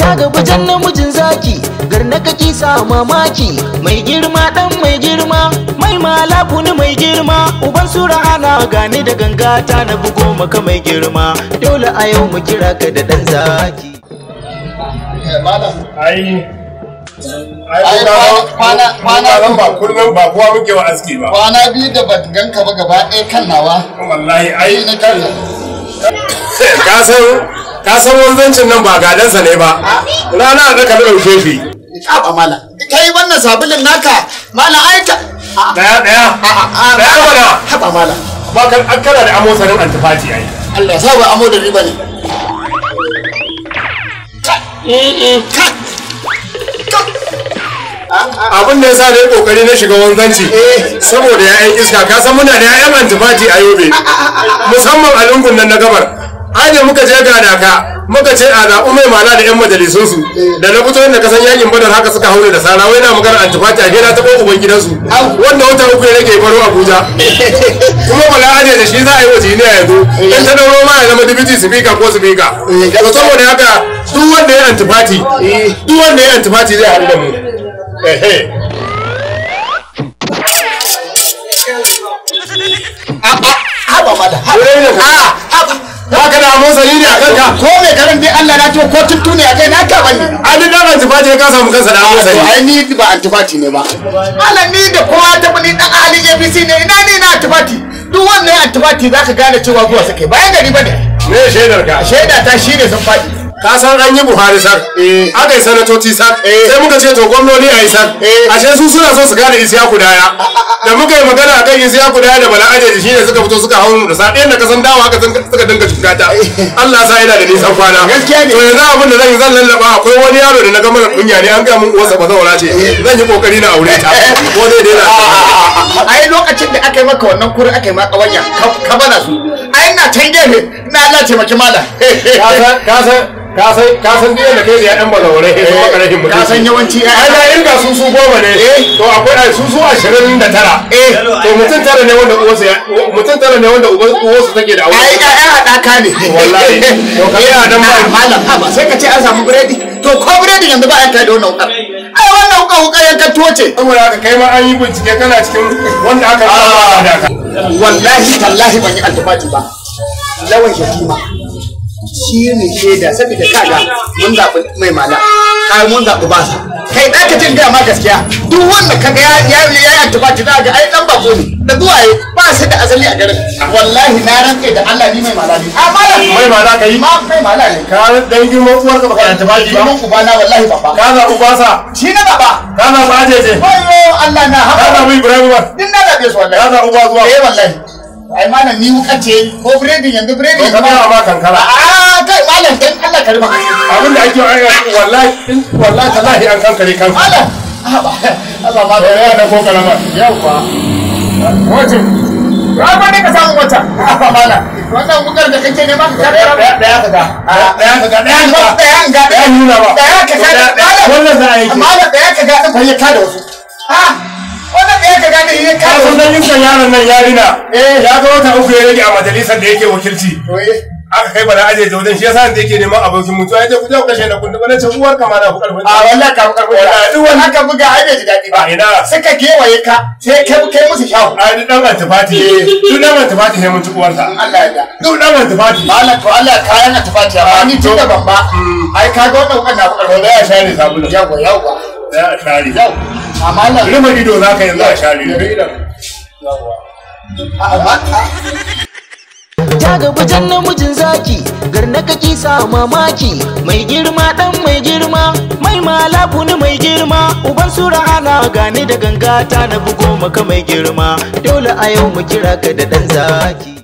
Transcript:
ta gaba jan namijin zaki garna kake sa mamaki mai girma dan mai girma mai mala kuni mai girma uban sura ana gane da ganga ta na bugo maka mai girma dole a yau mu kira ka da dan zaki ai Kwanan ba kullum ba kowa muke wa aski ba. Kwana biyu da gan ka ba gaba ɗaya kan nawa. Wallahi ai. Ka san ka san wanzancin nan ba gadansa ne ba rana da ka dauke shi a mala kai wannan sabulin naka mala ai ta daya daya daya mana haba mala ba kan akara da amosa sanin antifati ai Allah ya saba amo da riba ne abin da ya sa da ya kokari na shiga wanzanci eh. saboda ya'yan iska ka san muna da ya'yan antifati a yobe musamman a lungun nan na gabar aje muka je gada ka muka ce a zaɓi mai mana da 'yan su da na fito da kasan yakin badar haka suka haure da sara wai na magana antifati a gida ta ko gidan su wanda wata uku ya rage baro abuja kuma bala aje da shi za a yi waje ne yanzu in ta dauro ma ya zama dibiti sifika ko sifika daga saboda haka duk wanda ya antifati duk wanda ya antifati zai haɗu da mu Haba mada, haba. haka da amon sani ne a kanka ko mai karan dai Allah na ce ko tuttu ne a kai na ka bani ali dan antifati ka samu kansa da amon ai ni ba ne ba Allah ni da kowa ta bani dan ali ABC ne ina ne na antifati duk wannan antifati zaka gane cewa zuwa suke bayan gari bane me shaidar ka shaida ta shine sun faɗi ka san an yi buhari sar eh. aka yi sanatoci sar eh. sai muka ce to gwamnoni a yi sar eh. ashe su suna so su gane ku daya da muka yi magana isiya ku daya da bala ajeji shi ne suka fito suka hau da sa ɗayan da ka san dawa haka suka dinga cutata allah sa yana da nisan kwana to yanzu abin da zan yi zan lallaba akwai wani yaro da na gama kunya ne an gaya mun uwarsa ba zaura ce zan yi kokari na aure ta ko zai daina yi lokacin da aka yi maka wannan kuri aka yi maka wanya, ka bana su yi na can gefe na allah taimaki mala ka san ka san ka san da kai ya dan balawure ko makarahin mutum ka san yawanci ai na irga su su goma ne eh. to akwai su su 29 eh to mutum tara ne wanda uwarsa ya mutum tara ne wanda uwarsa take da aure ai ai hadaka ne wallahi to ka a dan eh, malam ha ba sai ka ce an samu biredi to ko biredi yanzu ba a kai da wannan ukar ai wannan ukar ukar yanka toce saboda haka kai ma an yi bincike kana cikin wanda aka ah. wallahi tallahi ban yi alfabati ba lawan yatima shi ne shaida saboda kaga mun zaɓi mai mala kai mun zaɓi ba sa kai da ka jin ma gaskiya duk wanda kaga ya ya ya ya tuba ta ga ai dan bako ne da duwaye ba su da asali a garin wallahi na ranke da Allah ni mai mala ne a mala mai mala kai ma mai mala ne ka dan mu uwar ka ba ta baji ba uba na wallahi baba ka ku ba sa shi na baba ka je ajeje wayo Allah na haba ka mu Ibrahim ba din na zaɓe su wallahi ka ku ba zuwa eh wallahi ai malam ni wuka ce ko biredin yanzu biredin ka ba ba kankara a kai malam dan Allah ka rubuta abin da ake ayyana wallahi wallahi tallahi an kankare kan malam Allah da eh, ya ko kalama yawa wace ba ba ne ka samu wata malam wannan wukar da kake ne ba ka kare ba daya ka ga daya ka ga daya ka ga daya ka ga daya nuna ba daya ka ga wannan za a yi malam daya ka ga din fa ya ka da wasu ah da ya kawo sun dan yinsa yaron nan yarina eh. ya ga wata uku ya rage a majalisar da yake wakilci aka kai bala aje da wajen shi yasa da yake neman abokin mutuwa ya je ku je ku kashe na kun dubanan can uwar kama na ku karfin a wallahi ka karfin wallahi duk wani haka buga ai bai ji dadi ba ina suka kewaye ka sai kai kai musu shawo ai duk dan antifati eh. duk dan antifati sai mun ci uwar Allah ya da duk dan antifati Allah to Allah kayan antifati amma ni tunda ban ba mm. ai ka ga wannan kan na ku karfin ya share sabulu yawa yawa za a ido za ka a ta gaba jan namijin zaki garna kaki sa mamaki mai girma dan mai girma mai malafu mai girma uban su ana gani da gangata na bugo maka mai girma dole a yau mu kira ka da dan zaki